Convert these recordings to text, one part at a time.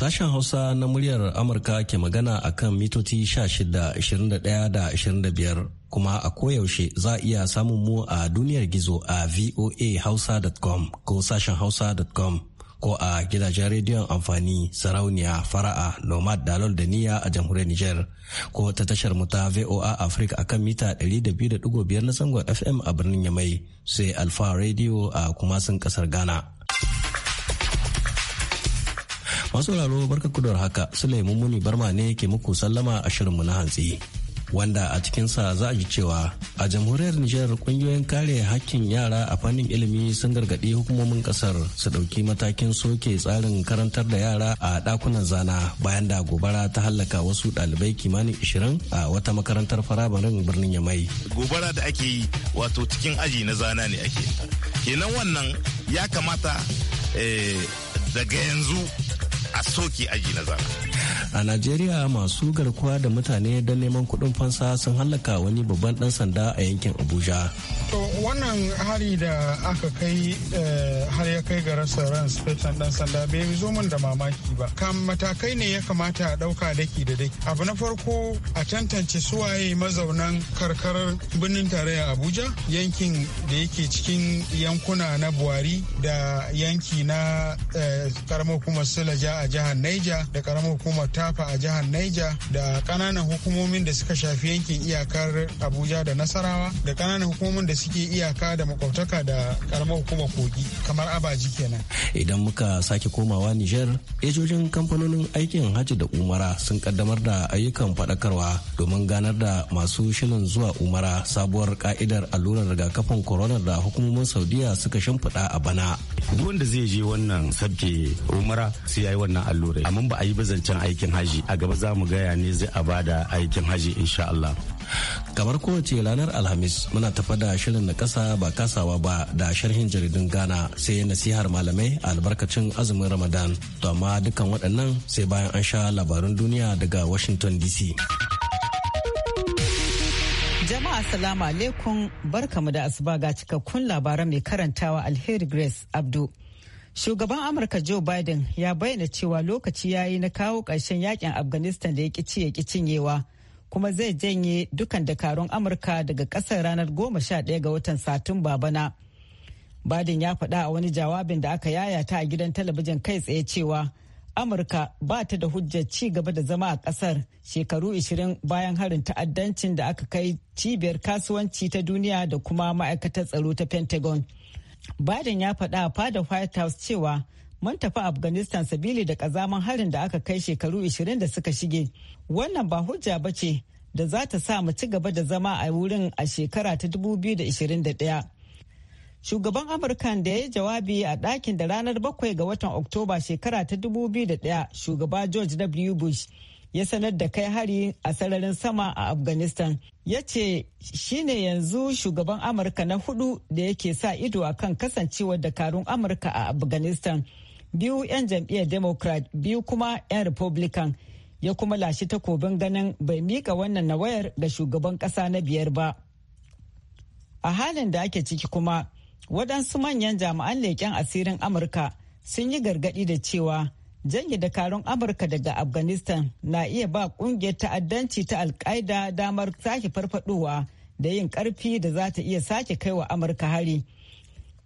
Sashen Hausa na muryar Amurka ke magana a kan mitoci 16, da 25 kuma a koyaushe za a iya samun mu a duniyar gizo a voahausa.com ko sashen hausa.com ko a gidajen rediyon amfani sarauniya fara'a nomad dalol da niya a jamhuriyar Nijar ko ta tashar mu VOA Africa a kan mita 200.5 na sangon FM a birnin Yamai sai Alfa Radio a kumasin kasar Ghana. Masu sauraro barka kudur haka sulaimun Muni Barma ne ke muku sallama a shirinmu na hantsi. Wanda a cikinsa za a ji cewa a jamhuriyar Nijar kungiyoyin kare hakkin yara a fannin ilimi sun gargaɗi hukumomin ƙasar su ɗauki matakin soke tsarin karantar da yara a ɗakunan zana bayan da gobara ta hallaka wasu ɗalibai kimanin ishirin a wata makarantar farabarin birnin Yamai. Gobara da ake yi wato cikin aji na zana ne ake. Kenan wannan ya kamata eh, daga yanzu a soke aji na zana a najeriya masu garkuwa da mutane don neman kudin fansa sun hallaka wani babban dan sanda a yankin abuja to wannan hari da aka kai eh, har ya kai ga rasa ran station dan sanda bai zo min da mamaki ba kan matakai ne ya kamata a ɗauka daki da daki abu na farko a tantance suwaye mazaunan karkarar birnin tarayya abuja yankin da yake cikin yankuna na buhari da yanki na eh, karamar hukumar sulaja a jihar naija da karamar hukumar tafa a jihar Niger da ƙananan hukumomin da suka shafi yankin iyakar Abuja da Nasarawa da ƙananan hukumomin da suke iyaka da makwabtaka da karamar hukumar kogi kamar abaji kenan. Idan muka sake komawa Niger, ejojin kamfanonin aikin Hajji da Umara sun kaddamar da ayyukan faɗakarwa domin ganar da masu shirin zuwa Umara sabuwar ka'idar allurar rigakafin corona da hukumomin Saudiya suka shimfiɗa a bana. Duk wanda zai je wannan sabke Umara sai ya yi wannan allurai, amma ba a yi bazancen aikin aikin haji a gaba za mu gaya ne zai a bada aikin haji insha Allah. kamar kowace ranar alhamis muna tafa da shirin na kasa ba kasawa ba da sharhin jaridun ghana sai nasihar malamai a albarkacin azumin ramadan to amma dukkan waɗannan sai bayan an sha labarun duniya daga washington dc jama'a salamu alaikum barkamu da asuba ga cikakkun labaran mai karantawa alheri grace abdu Shugaban Amurka Joe Biden ya bayyana cewa lokaci ya yi na kawo ƙarshen yakin Afghanistan da ya ƙi ciye ƙi cinyewa, kuma zai janye dukan dakarun Amurka daga ƙasar ranar goma sha ɗaya ga watan Satumba bana. Biden ya faɗa a wani jawabin da aka yayata a gidan talabijin kai tsaye cewa Amurka ba ta da hujjar ci gaba da zama a ƙasar shekaru 20 bayan harin ta'addancin da aka kai cibiyar kasuwanci ta duniya da kuma ma'aikatar tsaro ta Pentagon. Biden ya faɗa a fada White House cewa mun tafi Afghanistan sabili da kazaman harin da aka kai shekaru 20 da suka shige. Wannan ba hujja ba ce da za ta sa mu ci gaba da zama a wurin a shekara ta 2021. Shugaban Amurkan da ya yi jawabi a ɗakin da ranar bakwai ga watan Oktoba shekara ta 2001 shugaba George W. Bush ya sanar da kai hari a sararin sama a afghanistan ya ce shi ne yanzu shugaban amurka na hudu da yake sa ido a kan kasancewar dakarun amurka a afghanistan biyu 'yan jam'iyyar democrat biyu kuma 'yan republican ya kuma lashe takobin ganin bai mika wannan na wayar ga shugaban kasa na biyar ba a halin da ake ciki kuma waɗansu manyan jami'an leƙen asirin amurka sun yi gargaɗi da cewa janye dakarun amurka daga afghanistan na iya ba kungiyar ta'addanci ta alkaida damar sake farfadowa da yin karfi da za ta iya sake kaiwa amurka hari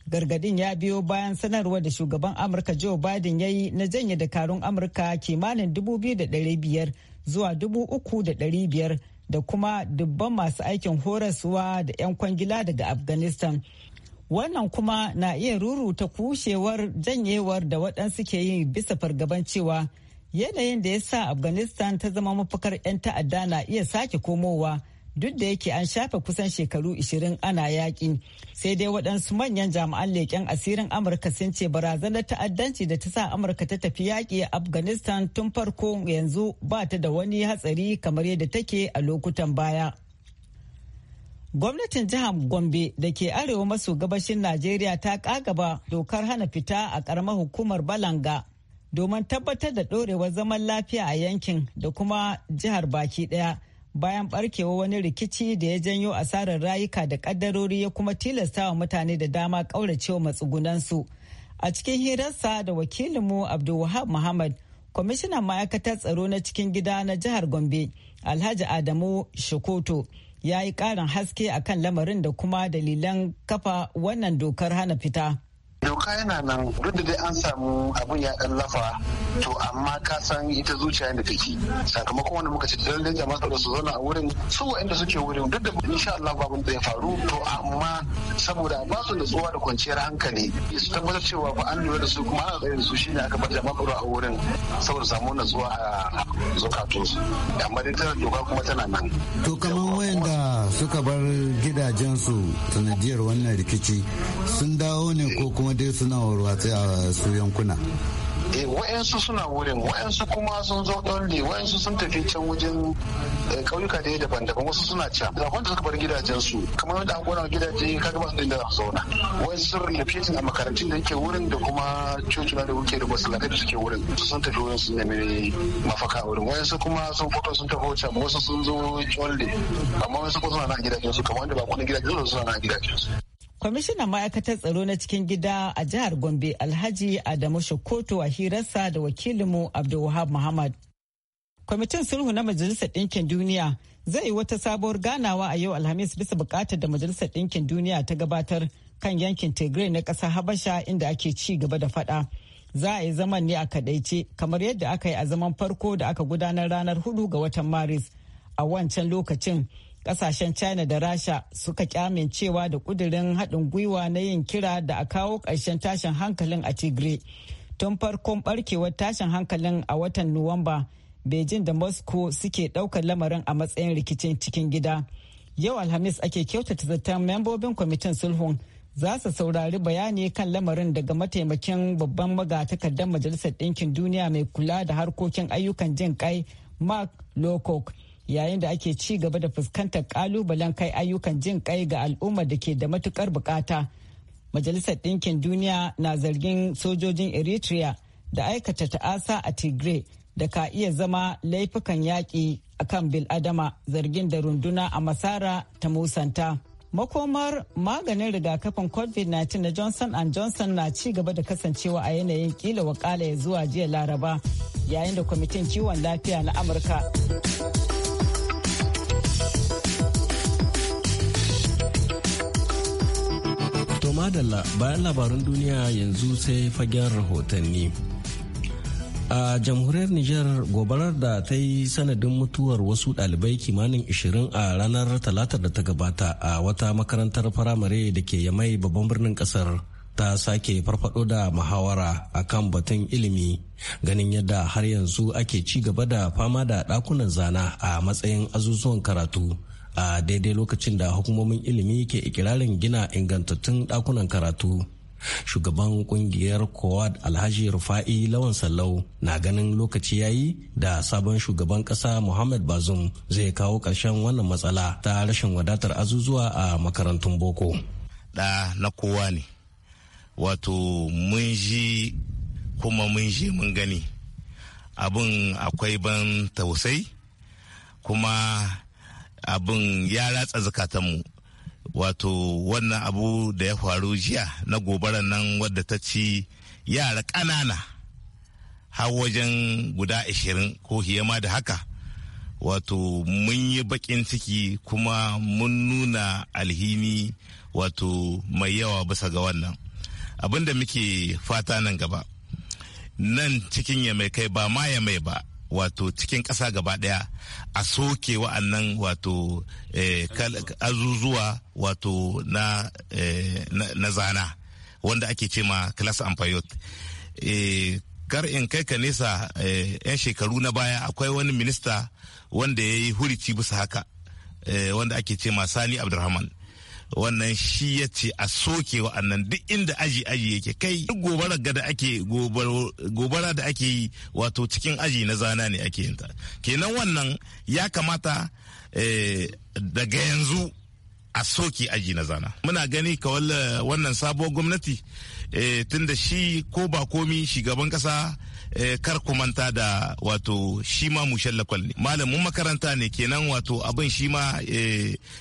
gargadin ya biyo bayan sanarwar da shugaban amurka joe biden ya yi na janye dakarun amurka kimanin 2,500 zuwa 3,500 da kuma dubban masu aikin horaswa da 'yan kwangila daga afghanistan Wannan kuma na iya ruruta kushewar janyewar da waɗansu ke yi bisa fargaban cewa yanayin da ya sa Afghanistan ta zama mafakar 'yan ta'adda na iya sake komowa duk da yake an shafe kusan shekaru 20 ana yaƙi. Sai dai waɗansu manyan jami'an leƙen asirin Amurka sun ce barazanar ta'addanci da ta sa Amurka ta tafi yaƙi a Afghanistan tun farko yanzu ba ta da wani hatsari kamar yadda take a lokutan baya. Gwamnatin jihar Gombe da ke arewa maso gabashin Najeriya ta kagaba dokar hana fita a karamar hukumar Balanga domin tabbatar da ɗorewar zaman lafiya a yankin da kuma jihar baki ɗaya bayan barkewa wani rikici da ya janyo asarar rayuka da ƙaddarori ya kuma tilastawa mutane da dama ƙauracewa matsugunansu. A cikin hirarsa da wakilinmu Abdulwahab Muhammad, kwamishinan ma'aikatar tsaro na cikin gida na jihar Gombe, Alhaji Adamu Shokoto. ya yi ƙarin haske akan lamarin da kuma dalilan kafa wannan dokar hana fita. doka yana nan duk da dai an samu abun ya dan lafa to amma ka san ita zuciya da take sakamakon wanda muka ce dalilin jama'a tsaro su zauna a wurin su waɗanda suke wurin duk da insha Allah babu da ya faru to amma saboda ba su da tsowa da kwanciyar hankali su tabbatar cewa ba an lura da su kuma ana tsaye da su shine aka bar jama'a tsaro a wurin saboda samu natsuwa a zukatunsu amma dai tana doka kuma tana nan to kamar wayanda suka bar gidajensu sanadiyar wannan rikici sun dawo ne ko kuma dai suna warwatse a su yankuna eh wa'yansu suna wurin wa'yansu kuma sun zo ɗanle wa'yansu sun tafi can wajen eh, ƙauyuka da daban-daban wasu suna can da wanda suka bar gidajensu kamar yadda an gona gidaje ka gaba su da zauna wa'yansu sun rufe a makarantun da yake wurin da kuma cocina da wuke da masallatai da suke wurin su sun tafi wurin sun nemi mafaka a wurin wa'yansu kuma sun fito sun tafi wuce wasu sun zo ɗalle amma wasu kuma suna na gidajensu kamar yadda ba kuna gidajensu suna na gidajensu. kwamishinan ma'aikatar tsaro na cikin gida a jihar gombe alhaji adamu shokoto a hirarsa da wakilinmu abdulwahab muhammad kwamitin sulhu na majalisar ɗinkin duniya zai yi wata sabuwar ganawa a yau alhamis bisa buƙatar da majalisar ɗinkin duniya ta gabatar kan yankin tigray na ƙasar habasha inda ake ci gaba da faɗa za a yi zaman ne a kadaice kamar yadda aka yi a zaman farko da aka gudanar ranar hudu ga watan maris a wancan lokacin kasashen china da rasha suka kyamincewa da kudirin haɗin gwiwa na yin kira da a kawo ƙarshen tashin hankalin a tigray tun farkon barkewar tashin hankalin a watan nuwamba beijing da moscow suke ɗaukar lamarin a matsayin rikicin cikin gida yau alhamis ake kyautata zaton membobin kwamitin sulhun za su saurari bayani kan lamarin daga mataimakin babban magatakardar majalisar ɗinkin duniya mai kula da harkokin ayyukan jin kai mark lowcock yayin da ake ci gaba da fuskantar kalubalen kai ayyukan jin kai ga al'ummar da ke da matukar bukata majalisar ɗinkin duniya na zargin sojojin eritrea da aikata ta'asa a tigray da ka iya zama laifukan yaƙi a akan biladama zargin da runduna a masara ta musanta makomar maganin rigakafin covid-19 na johnson and johnson na ci gaba da kasancewa a yanayin kila wakala ya zuwa jiya laraba yayin da kwamitin kiwon lafiya na amurka madalla bayan labaran duniya yanzu sai fagen rahotanni. A jamhuriyar Nijar gobarar da ta yi sanadin mutuwar wasu dalibai kimanin 20 a ranar talatar da ta gabata a wata makarantar firamare da ke yamai babban birnin kasar ta sake farfado da muhawara kan batun ilimi ganin yadda har yanzu ake ci gaba da fama da ɗakunan zana a matsayin azuzuwan karatu. a daidai lokacin da hukumomin ilimi ke ikirarin gina ingantattun dakunan karatu shugaban kungiyar kowad alhaji rufa'i lawan sallau na ganin lokaci yayi da sabon shugaban kasa muhammad bazum zai kawo ƙarshen wannan matsala ta rashin wadatar azuzuwa a makarantun boko da na kowa ne wato mun ji kuma mun ji mun gani abin akwai ban tausai kuma abin ya ratsa zukatanmu wato wannan abu da ya faru jiya na gobarar nan wadda ta ci yara ƙanana har wajen guda ashirin ko hiyama da haka wato mun yi baƙin ciki kuma mun nuna alhini wato mai yawa bisa ga wannan abin da muke fata nan gaba nan cikin ya mai kai ba ma ya mai ba wato cikin ƙasa gaba ɗaya a soke wa'annan wato eh, azuzuwa wato eh, na, zana wanda ake ce ma class ampayot eh, kar in kai ka nesa 'yan shekaru na baya akwai wani minista wanda ya yi hurici bisa haka wanda ake ce ma sani abdulrahman wannan shi ya ce a soke wa'annan duk inda aji aji yake kai duk gobara da ake gobara da ake yi wato cikin aji na zana ne ake yinta kenan wannan ya kamata eh, daga yanzu a soke aji na zana muna gani kawal eh, wannan sabuwar gwamnati eh, Tun da shi ko ba komi shugaban kasa kar ku manta da wato shi ma mushen ne malamin makaranta ne kenan wato abin shi ma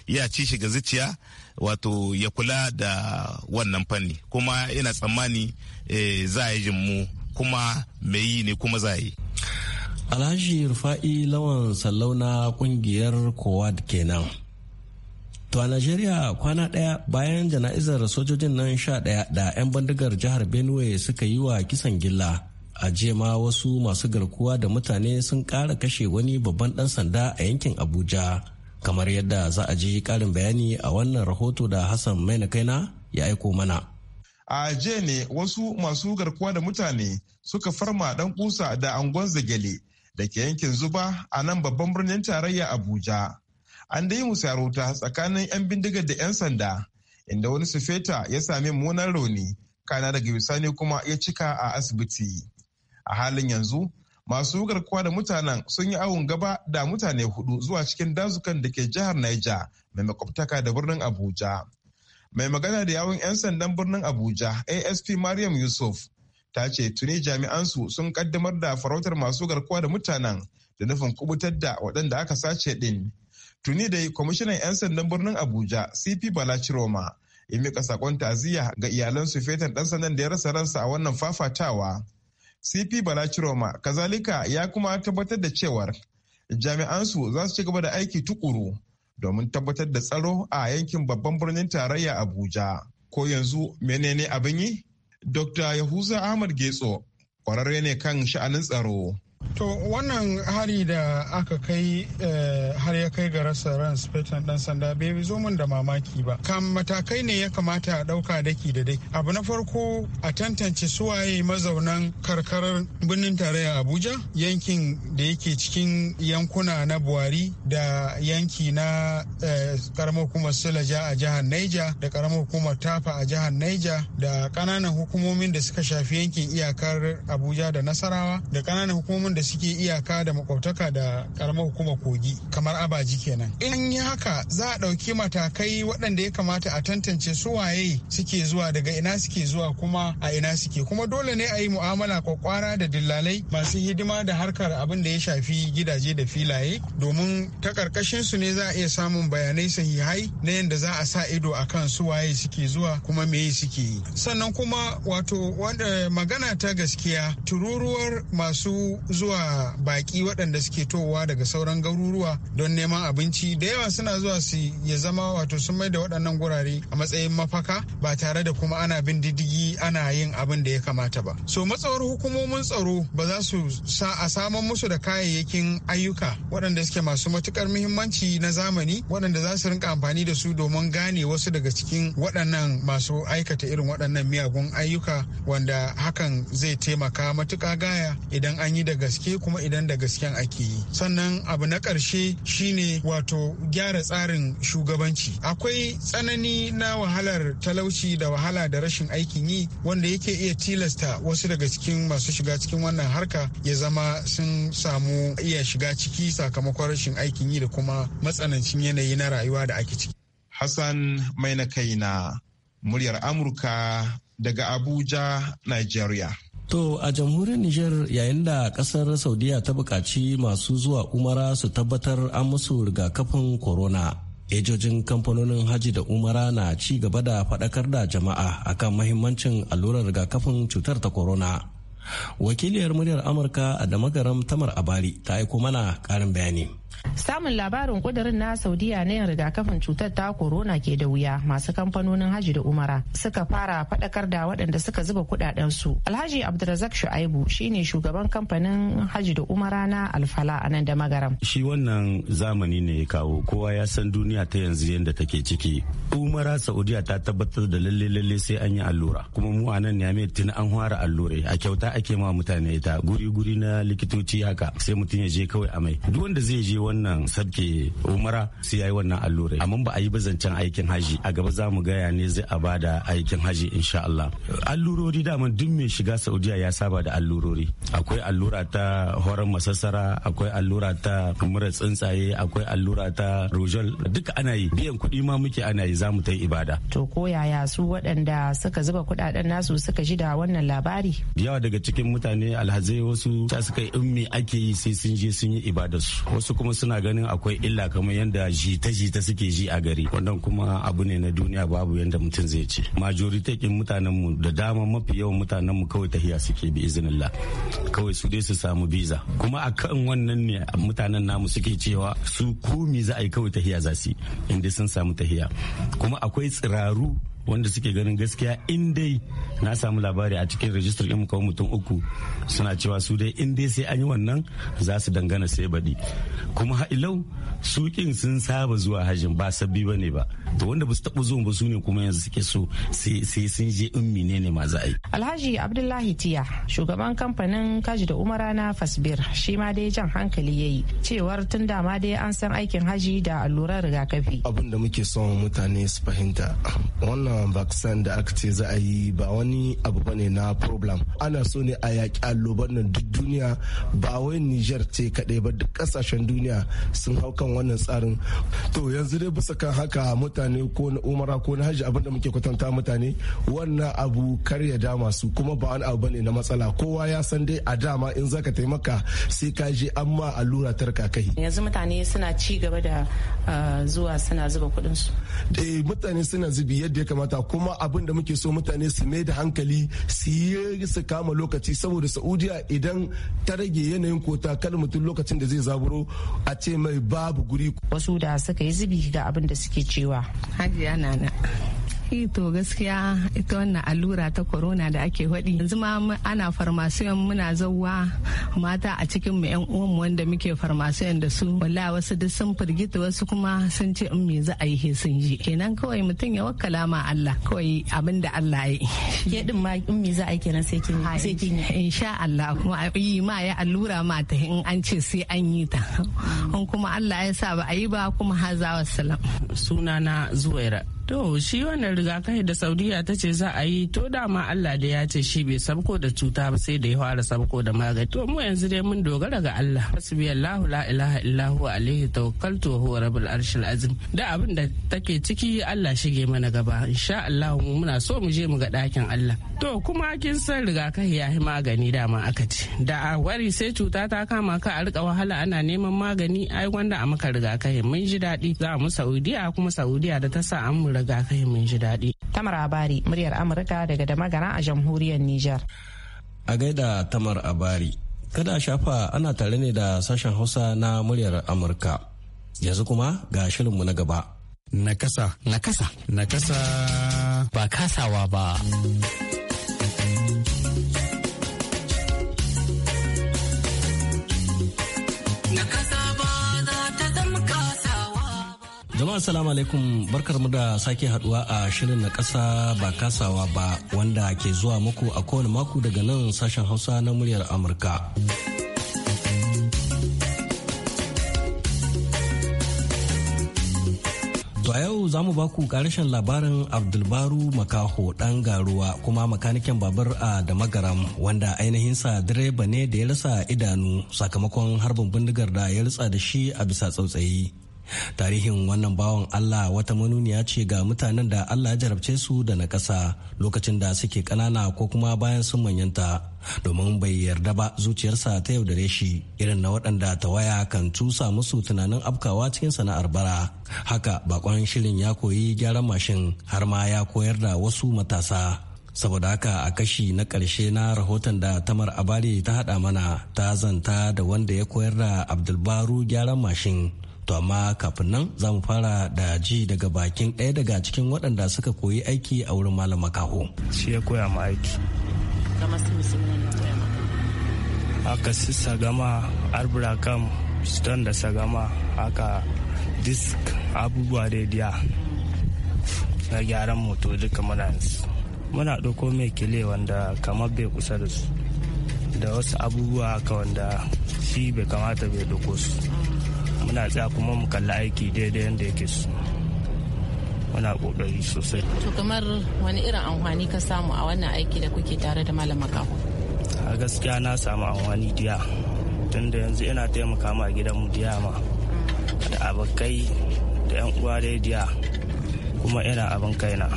ya ci shiga zuciya wato ya kula da wannan fanni kuma ina tsammani e, za a yi mu kuma mai yi ne kuma za a yi alhaji rufa'i lawan sallau na kungiyar kowad kenan To a Najeriya kwana daya bayan jana'izar sojojin nan sha daya da 'yan bandigar jihar Benue suka yi wa kisan gilla. A jema wasu masu garkuwa da mutane sun kara kashe wani babban dan sanda a yankin Abuja kamar yadda za a ji ƙarin bayani a wannan rahoto da hassan maina kaina ya aiko mana a jiya ne wasu masu garkuwa da mutane suka farma dan kusa da angon zagale da ke yankin zuba a nan babban birnin tarayya abuja an dai musarauta tsakanin 'yan bindiga da 'yan sanda inda wani sufeta ya sami munar rauni kana daga bisani kuma ya cika a asibiti a halin yanzu masu garkuwa da mutanen sun yi awon gaba da mutane hudu zuwa cikin dazukan da ke jihar Niger mai makwabtaka da birnin Abuja. Mai magana da yawon 'yan sandan birnin Abuja ASP Mariam Yusuf ta ce tuni jami'ansu sun kaddamar da farautar masu garkuwa da mutanen da nufin kubutar da waɗanda aka sace ɗin. Tuni dai kwamishinan 'yan sandan birnin Abuja CP Bala Roma, ya mika sakon taziya ga iyalan su fetan ɗan sandan da ya rasa ransa a wannan fafatawa. cp balachiroma kazalika ya kuma tabbatar da cewar jami'ansu za su ci gaba da aiki tukuru domin tabbatar da tsaro a yankin babban birnin tarayya abuja ko yanzu menene abin yi dr yahuza ahmad getso kwararre ne kan sha'anin tsaro To wannan hari da aka kai eh, har ya kai ga rasa ran spetan dan sanda bai zo min da mamaki ba. Kam matakai ne ya kamata a ɗauka daki da daki. Abu na farko a tantance suwaye mazaunan karkarar birnin tarayya Abuja yankin da yake cikin yankuna na Buhari da yanki na karamar eh, hukumar Silaja a jihar Naija da karamar hukumar Tafa a jihar Naija da kananan hukumomin da suka shafi yankin iyakar Abuja da Nasarawa da kananan hukumomin wanda suke iyaka da makwabtaka da karamar hukumar kogi kamar abaji kenan in yi haka za a ɗauki matakai waɗanda ya kamata a tantance su waye suke zuwa daga ina suke zuwa kuma a ina suke kuma dole ne a yi mu'amala kwakwara da dillalai masu hidima da harkar abin da ya shafi gidaje da filaye domin ta karkashin su ne za a iya samun bayanai sahihai na yadda za a sa ido a kan su waye suke zuwa kuma meye suke yi sannan kuma wato magana ta gaskiya tururuwar masu zuwa zuwa baki waɗanda suke towa daga sauran garuruwa don neman abinci da yawa suna zuwa su ya zama wato sun mai da waɗannan gurare a matsayin mafaka ba tare da kuma ana bin diddigi ana yin abin da ya kamata ba so matsawar hukumomin tsaro ba za su sa a saman musu da kayayyakin ayyuka waɗanda suke masu matukar muhimmanci na zamani waɗanda za su rinka amfani da su domin gane wasu daga cikin waɗannan masu aikata irin waɗannan miyagun ayyuka wanda hakan zai taimaka matuƙa gaya idan an yi daga gaske kuma idan da gasken ake yi sannan abu na ƙarshe shine wato gyara tsarin shugabanci akwai tsanani na wahalar talauci da wahala da rashin aikin yi wanda yake iya tilasta wasu daga cikin masu shiga cikin wannan harka ya zama sun samu iya shiga ciki sakamakon rashin aikin yi da kuma matsanancin yanayi na rayuwa da ake ciki hassan mai na kaina muryar amurka daga abuja nigeria To a jamhuriyar Nijar yayin da kasar Saudiya ta buƙaci masu zuwa Umara su tabbatar an musu rigakafin corona. Ejojin kamfanonin Haji da Umara na ci gaba da faɗakar da jama'a akan mahimmancin allurar rigakafin cutar ta corona. Wakiliyar muryar Amurka a Damagaram Tamar Abari ta aiko mana ƙarin bayani. samun labarin kudirin na saudiya na yin rigakafin cutar ta corona ke da wuya masu kamfanonin hajji da umara suka fara faɗakar da waɗanda suka zuba kudaden su alhaji abdulrazak shu'aibu shine shugaban kamfanin hajji da umara na alfala a nan da magaram shi wannan zamani ne ya kawo kowa ya san duniya ta yanzu yadda take ciki umara saudiya ta tabbatar da lalle lalle sai an yi allura kuma mu a nan ne tun an fara allure a kyauta ake ma mutane ta guri guri na likitoci haka sai mutum ya je kawai amai duk wanda zai je wannan sarki umara sai yayi wannan allurai amma ba a yi bazancen aikin haji a gaba za mu gaya ne zai a bada aikin haji insha Allah allurori dama duk mai shiga Saudiya ya saba da allurori akwai allura ta horon masassara akwai allura ta mura tsuntsaye akwai allura ta rojol duka ana yi biyan kuɗi ma muke ana yi za mu ta yi ibada to ko yaya su waɗanda suka zuba kuɗaɗen nasu suka ji da wannan labari yawa daga cikin mutane alhazai wasu ta suka yi in me ake yi sai sun je sun yi ibadarsu wasu kuma kuma suna ganin akwai illa kamar yadda jita-jita suke ji a gari wannan kuma abu ne na duniya babu yadda mutum zai ce majoritakin mutanenmu da dama mafi yawan mutanen kawai tahiya suke bi iznillah kawai su dai su samu visa kuma a kan wannan ne mutanen namu suke cewa su kumi za a yi kawai tahiya za su yi inda sun samu tahiya kuma akwai tsiraru wanda suke ganin gaskiya in dai na samu labari a cikin rajistar ɗin kawo mutum uku suna cewa su dai in dai sai an yi wannan za su dangana sai baɗi kuma ha'ilau sukin sun saba zuwa hajjin ba sabbi ba ne ba to wanda ba su taɓa zuwa ba su ne kuma yanzu suke so sai sun je in ne ma za yi alhaji abdullahi tiya shugaban kamfanin kaji da umara na fasbir shi ma dai jan hankali ya yi cewar tun da ma dai an san aikin haji da allurar rigakafi abin da muke son mutane su fahimta wannan vaccine da aka ce za a yi ba wani abu ba ne na problem ana so ne a yaƙi allobar nan duk duniya ba wai niger ce kaɗai ba duk ƙasashen duniya sun hau kan wannan tsarin to yanzu dai bisa kan haka mutane ko na umara ko na hajji abinda muke kwatanta mutane wannan abu kar ya dama su kuma ba wani abu bane na matsala kowa ya san dai a dama in zaka taimaka sai ka je amma allura tarka kai yanzu mutane suna ci gaba da ah, zuwa suna zuba kuɗin su eh, mutane suna zubi yadda ya kamata kuma abin da muke so mutane su mai da hankali su yi su kama lokaci saboda saudiya idan ta rage yanayin kota kalmutun mutum lokacin da zai zaburo a ce mai babu guri wasu da suka yi zubi ga abin da suke cewa hajiya nana E, to gaskiya ita wannan allura ta corona da ake faɗi yanzu ma ana farmasiyon muna zauwa mata a cikin mu yan uwanmu wanda muke farmasiyon da su wallahi wasu duk sun firgita wasu kuma sun ce in me za a yi sun ji kenan kawai mutum ya wakkala ma Allah kawai abin da Allah ya yi ke din ma in me za a yi kenan sai kin sai kin insha Allah kuma yi ma ya allura ma ta in an ce sai an yi ta kuma Allah ya sa ba a yi ba kuma hazawa salam sunana zuwaira To shi wannan rigakafi da Saudiya ta ce za a yi to da ma Allah da ya ce shi bai sabko da cuta ba sai da ya fara sabko da magani. To mu yanzu dai mun dogara ga Allah. Hasbi Allah la ilaha illahu alaihi tawakkaltu wa huwa rabbul arshil azim. Da abin da take ciki Allah shige mana gaba. Insha Allah muna so mu je mu ga ɗakin Allah. To kuma kin san rigakafi ya yi magani da ma aka ce. Da a wari sai cuta ta kama ka a rika wahala ana neman magani ai wanda a maka rigakafi mun ji daɗi za mu Saudiya kuma Saudiya da ta sa an mu rigakafi mun ji daɗi. Tamar Abari, muryar Amurka daga Damagara a jamhuriyar Nijar. A gaida Tamar Abari, kada shafa ana tare ne da sashen Hausa na muryar Amurka. Yanzu kuma ga shirinmu na gaba. Nakasa. Nakasa. Nakasa. Ba kasawa ba. Jama'a salamu alaikum barkar mu da sake haduwa a shirin na kasa ba kasawa ba wanda ke zuwa muku a kowane mako daga nan sashen hausa na muryar Amurka. a yau za mu baku karshen labarin abdulbaru makaho ɗan garuwa kuma makanikin babur a damagaram wanda ainihin sa direba ne da ya rasa idanu sakamakon harbin bindigar da ya rutsa da shi a bisa tsautsayi tarihin wannan bawan allah wata manuniya ce ga mutanen da allah ya jarabce su da na ƙasa lokacin da suke ƙanana ko kuma bayan sun manyanta domin bai yarda ba zuciyarsa ta yaudare shi irin na waɗanda tawaya kan tusa musu tunanin afkawa cikin sana'ar bara haka bakon shirin ya koyi gyaran mashin har ma ya koyar da wasu matasa saboda haka a kashi na ƙarshe na rahoton da tamar abari ta haɗa mana ta zanta da wanda ya koyar da abdulbaru gyaran mashin To amma kafin nan za mu fara da ji daga bakin ɗaya daga cikin waɗanda suka koyi aiki a wurin malam makaho. Shi ya koya ma aiki. Aka si sagama, arbura kam, stone da sagama, aka disk abubuwa da na gyaran moto duka muna yanzu. Muna ɗauko mai kile wanda kamar bai kusa da su. Da wasu abubuwa haka wanda shi bai kamata bai ɗauko su. muna tsaya kuma mu kalla aiki daidai yadda yake su muna kokari sosai to kamar wani irin amfani ka samu a wannan aiki da kuke tare da malam a gaskiya na samu amfani diya tun da yanzu ina taimaka ma gidan mu diya ma da abokai da yan uwa dai diya kuma ina abin kaina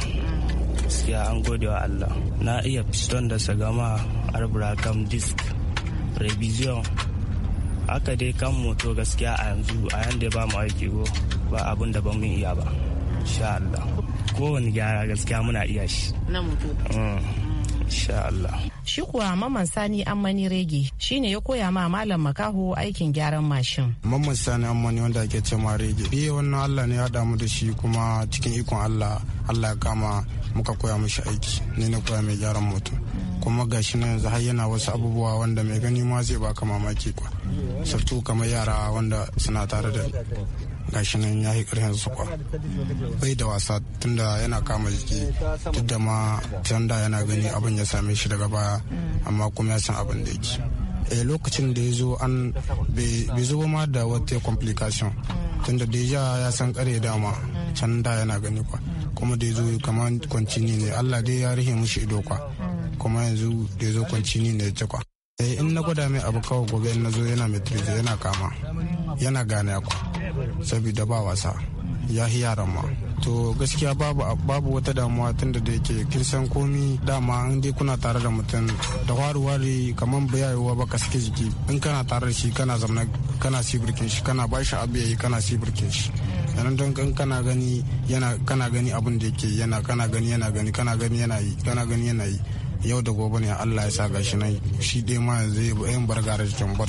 gaskiya an gode wa Allah na iya piston da sagama arbrakam disk revision aka dai kan moto gaskiya a yanzu a yanda ba mu aiki go ba abin da ba mu iya ba insha Allah kowane gyara gaskiya muna iya shi na moto mm, insha Allah shi kuwa mamman sani ammani rege shine ya koya ma malam makaho aikin gyaran mashin mamman sani ammani wanda ake ce ma rege biye wannan Allah ne ya damu da shi kuma cikin ikon Allah Allah ya kama muka koya mishi aiki ne na koya mai gyaran moto kuma gashi nan yanzu har yana wasu abubuwa wanda mai gani ma zai baka mamaki kwa sartu kamar yara wanda suna tare da gashi nan ya yi ƙarfin su kwa bai da wasa tunda yana kama jiki duk da ma tanda yana gani abin ya same shi daga baya amma kuma ya san abin da yake a eh, lokacin da ya zo an bai zo ma da wata complication tunda deja ya san kare dama can da yana gani kwa kuma da ya zo kamar kwanci ne allah dai ya rihe mushi ido kwa kuma yanzu da ya zo kwanci ni ne jakwa eh in na gwada mai abu kawai gobe in na zo yana matrize yana kama yana gane ku saboda ba wasa ya yi yaran ma to gaskiya babu babu wata damuwa tun da yake san komi dama in dai kuna tare da mutum da wari wari kamar bayayewa ba ka sake jiki in kana tare da shi kana zamna kana sibirkin shi kana ba shi abu yayi kana sibirkin shi yanan don kan kana gani yana kana gani abin da yake yana kana gani yana gani kana gani yana yi kana gani yana yi yau da gobe ne allah ya sa gashi nan shi dai ma zai yin barga da jikin bar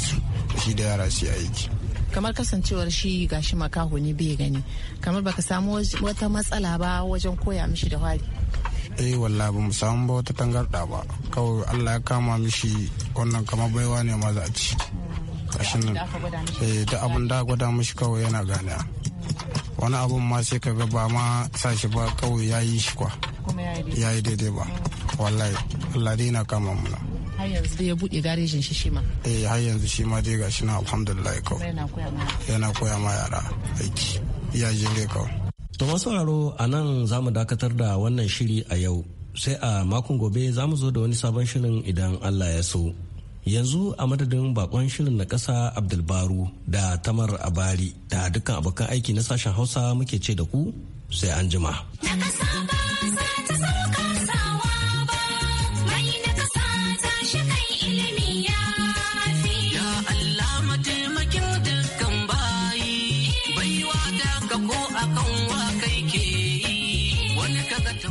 shi da yara su aiki kamar kasancewar shi gashi makaho ne bai gani kamar baka samu wata matsala ba wajen koya mishi da hali eh walla ba mu samu ba wata tangarda ba kawai allah ya kama mishi wannan kamar baiwa ne ma za a ci kashin nan eh, da abin da gwada mishi kawai yana gane wani abun ma sai ka ga ba ma sa shi ba kawai ya yi shi kwa ya yi daidai ba wallahi alhamdulillah na kama muna har yanzu shi ma eh har yanzu shi na alhamdulillah kawai yana koya ma yara aiki iyajen ne kawai To raro a nan za mu dakatar da wannan shiri a yau sai a makon gobe za mu zo da wani sabon shirin idan Allah ya so. Yanzu a madadin bakon shirin na kasa Abdulbaru da Tamar Abari da dukkan abokan aiki na sashen Hausa muke ce da ku sai an jima.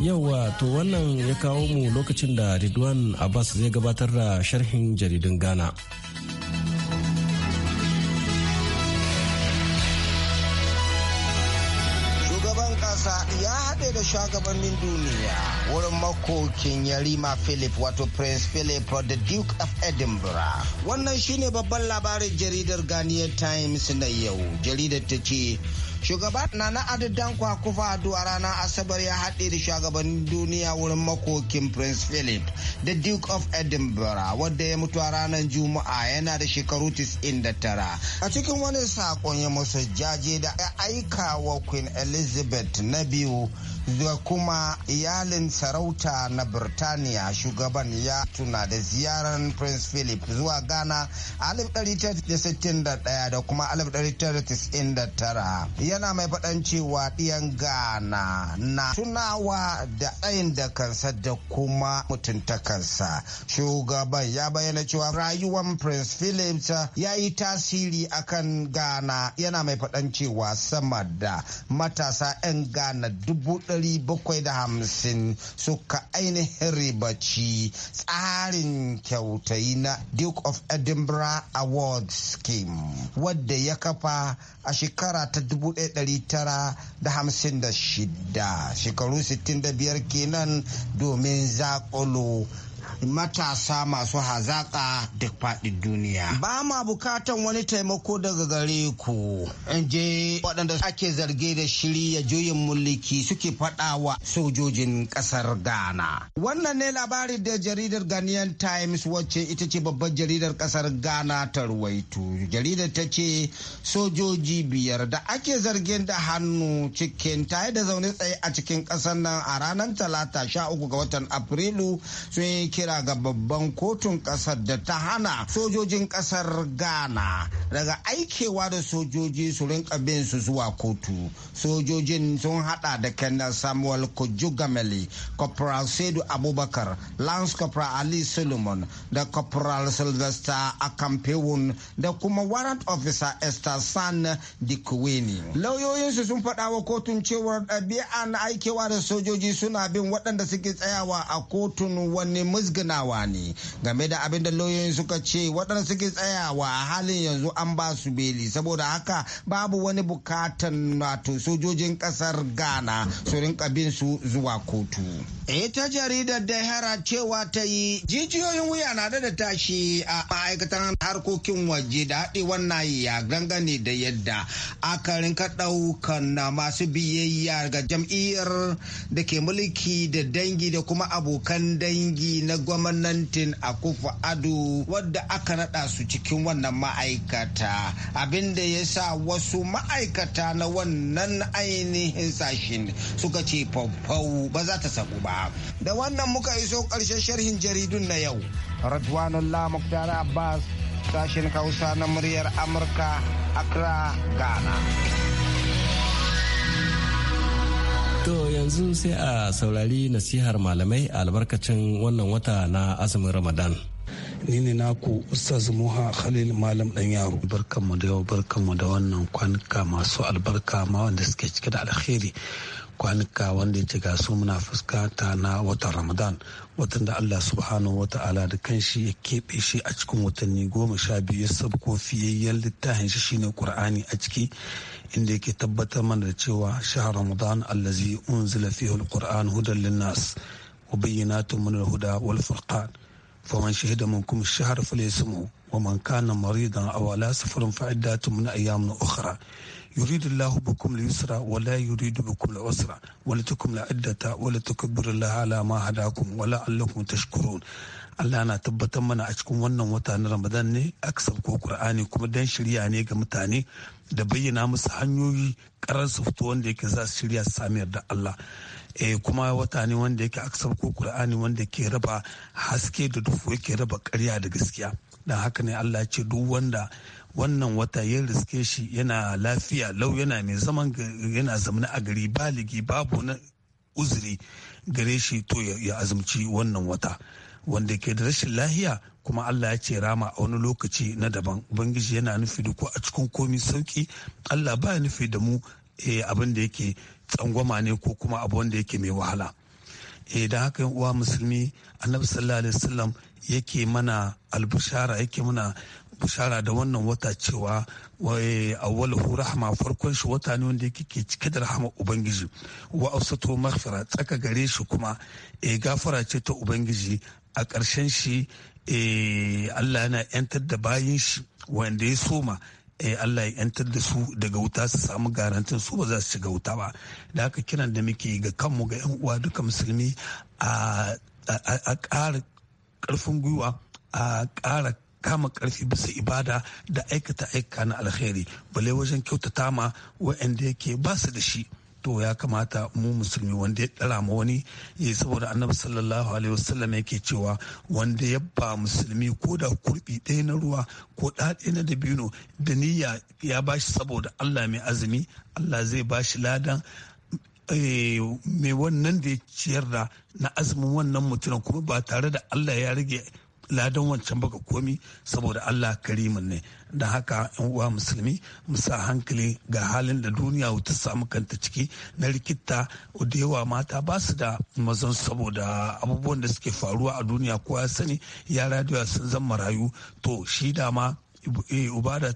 Yauwa to wannan ya kawo mu lokacin da Ridwan Abbas zai gabatar da sharhin jaridun Ghana. Shugaban ƙasa ya haɗe da shugabannin duniya wurin makokin Yarima Philip wato Prince Philip the Duke of Edinburgh. Wannan shine babban labarin jaridar Ghanaian Times na yau. Jaridar ta ce shugaba na na dankwa kwakufa a ranar asabar ya haɗe da shugabannin duniya wurin makokin prince philip da duke of edinburgh wadda ya mutu a ranar juma'a yana da shekaru 99 a cikin wani saƙon ya musu jaje da aika wa queen elizabeth na biyu da kuma iyalin sarauta na birtaniya shugaban ya tuna da ziyarar prince philip zuwa ghana 1961 da kuma 1999 yana mai faɗan cewa ɗiyan ghana na tunawa da tsayin da kansa da kuma mutuntakarsa shugaban ya bayyana cewa rayuwan prince philip ya yi tasiri akan ghana yana mai faɗan cewa sama da matasa 'yan ghana dubu 750 suka ainihin ribaci tsarin kyautayi na Duke of Edinburgh Award Scheme wadda ya kafa a shekara ta 1956 shekaru 65 kenan domin zakulo matasa masu hazaƙa da faɗi duniya. Ba ma bukatan wani taimako daga gare ku. In je waɗanda ake zarge da shirya juyin mulki suke faɗa wa sojojin ƙasar Ghana. Wannan ne labari da jaridar Ghanaian Times wacce ita ce babbar jaridar ƙasar Ghana ta ruwaito. Jaridar ta ce sojoji biyar da ake zargin da hannu cikin tare da zaune tsaye a cikin ƙasar nan a ranar talata sha uku ga watan Afrilu sun yi kira ga babban kotun kasar da ta hana sojojin kasar ghana daga aikewa da sojoji su rinka bin su zuwa kotu sojojin sun hada da kenan samuel kujugameli corporal sedu abubakar lance corporal ali solomon da corporal sylvester akampewun da kuma warrant officer esther san dikweni lauyoyinsu sun faɗa wa kotun cewar ɗabi'a na aikewa da sojoji suna bin waɗanda suke tsayawa a kotun wani musga ganawa ne game da abin da lauyoyin suka ce waɗanda suke tsayawa a halin yanzu an ba su beli saboda haka babu wani bukatan wato sojojin ƙasar ghana su rinka bin su zuwa kotu ita jaridar da hera cewa ta yi jijiyoyin wuya na da tashi a ma'aikatan harkokin waje da haɗewar nahiya gangane da yadda aka rinka ɗaukan masu biyayya ga jam'iyyar da ke mulki da dangi da kuma abokan dangi na gwamnatin akufu ado wadda aka nada su cikin wannan ma'aikata abinda ya sa wasu ma'aikata na wannan ainihin sashin suka ce faufau ba za ta sabu ba da wannan muka iso karshen sharhin jaridun na yau radwanullah muktar abbas sashen hausa na muryar amurka accra ghana To yanzu sai a saurari nasihar malamai a albarkacin wannan wata na azumin Ramadan. ni ne naku ustaz muha khalil malam dan yaro barkanmu da yau barkanmu da wannan kwanuka masu albarka ma wanda suke cike da alkhairi kwanuka wanda ya ce ga su muna fuskata na watan ramadan watan da allah subhanahu wata'ala da kan shi ya keɓe shi a cikin watanni goma sha biyu ya sabko fiyayyen littafin shi shine qur'ani a ciki inda yake tabbatar mana da cewa shahar ramadan allazi unzila fihi alquran hudan linnas wa bayyinatun min alhuda wal furqan faman shahida minkum ash-shahr falyasmu wa man kana maridan aw ala safarin fa'iddatun min ayyamin ukhra يريد الله بكم اليسر yusra يريد بكم العسر ولتكم العدة usra الله على ما هداكم ولا علكم تشكرون Allah na tabbatar mana a cikin wannan wata na Ramadan ne aka ko Kur'ani kuma dan shirya ne ga mutane da bayyana musu hanyoyi karar fito wanda yake za su shirya su sami yarda Allah eh kuma wata ne wanda yake aka ko Kur'ani wanda ke raba haske da dufu yake raba ƙarya da gaskiya dan haka ne Allah ce duk wanda wannan wata ya riske shi yana lafiya lau yana mai zaman yana zamana a gari baligi babu na uzuri gare shi to ya azumci wannan wata wanda ke da rashin lahiya kuma Allah ya ce rama a wani lokaci na daban ubangiji yana nufi da ku a cikin komi sauki Allah ba nufi da mu eh, abin da yake tsangwama ne ko kuma abu wanda yake mai wahala eh da haka uwa musulmi annabi sallallahu alaihi wasallam yake mana albushara yake mana bushara da wannan wata cewa awwalahu rahama farkon shi wata ne wanda yake cike da rahama ubangiji wa sato maghfira tsaka gare shi kuma e gafara ce ta ubangiji a ƙarshen shi eh, Allah yana yantar da bayin shi wanda ya soma eh, Allah ya yantar da su daga wuta su samu garantin su ba za su shiga wuta ba da haka kiran da muke ga kanmu ga 'yan uwa duka musulmi a ƙara ƙarfin gwiwa a ƙara kama karfi bisa ibada da aikata aika na alheri balle wajen kyautata ma wa'anda yake ba su da shi to ya kamata mu musulmi wanda ya dara ma wani ya saboda annabi sallallahu alaihi wasallam yake cewa wanda ya ba musulmi ko da kurbi ɗaya na ruwa ko daɗe na dabino da niyya ya ba shi saboda Allah mai azumi Allah zai ba shi ladan eh, mai wannan da ya ciyar da na azumin wannan mutumin kuma ba tare da Allah ya rage ladan wancan baka komi saboda Allah karimin ne da haka yan uwa musulmi mu sa hankali ga halin da duniya ta samu kanta ciki na rikita da yawa mata ba su da mazan saboda abubuwan da suke faruwa a duniya kowa sani yara da sun zama rayu to shi dama Eh, ubada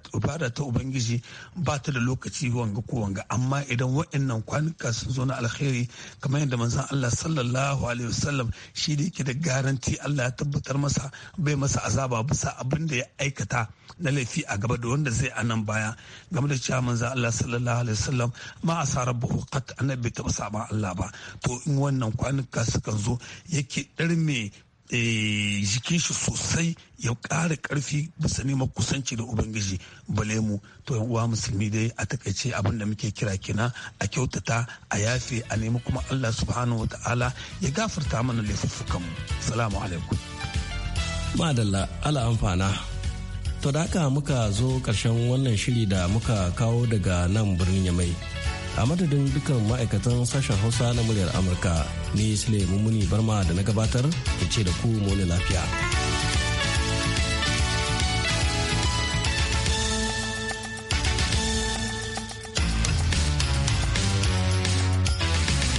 ta ubangiji ba ta da lokaci wanga ko wanga amma idan wa'annan kwanuka sun zo na alkhairi kamar yadda manzon Allah sallallahu alaihi wasallam shi da yake da garanti Allah ya tabbatar masa bai masa azaba bisa abin da ya aikata na laifi a gaba da wanda zai a nan baya game da cewa manzon Allah sallallahu alaihi wasallam ma asara buhu qat annabi ta saba Allah ba to in wannan kwanuka suka zo yake darme Eh, jikin shi sosai ya ƙara ƙarfi bisa neman kusanci da ubangiji bale mu to yan uwa musulmi dai a takaice abin da muke kira kina a kyautata a yafe a nemi kuma allah subhanahu wa ta'ala ya gafarta mana laifuffukan mu salamu alaikum madalla ala amfana to da haka muka zo ƙarshen wannan shiri da muka kawo daga nan birnin yamai a madadin dukkan ma'aikatan sashen hausa na muryar amurka ni sule mummuni barma da na gabatar da ce da ku mone lafiya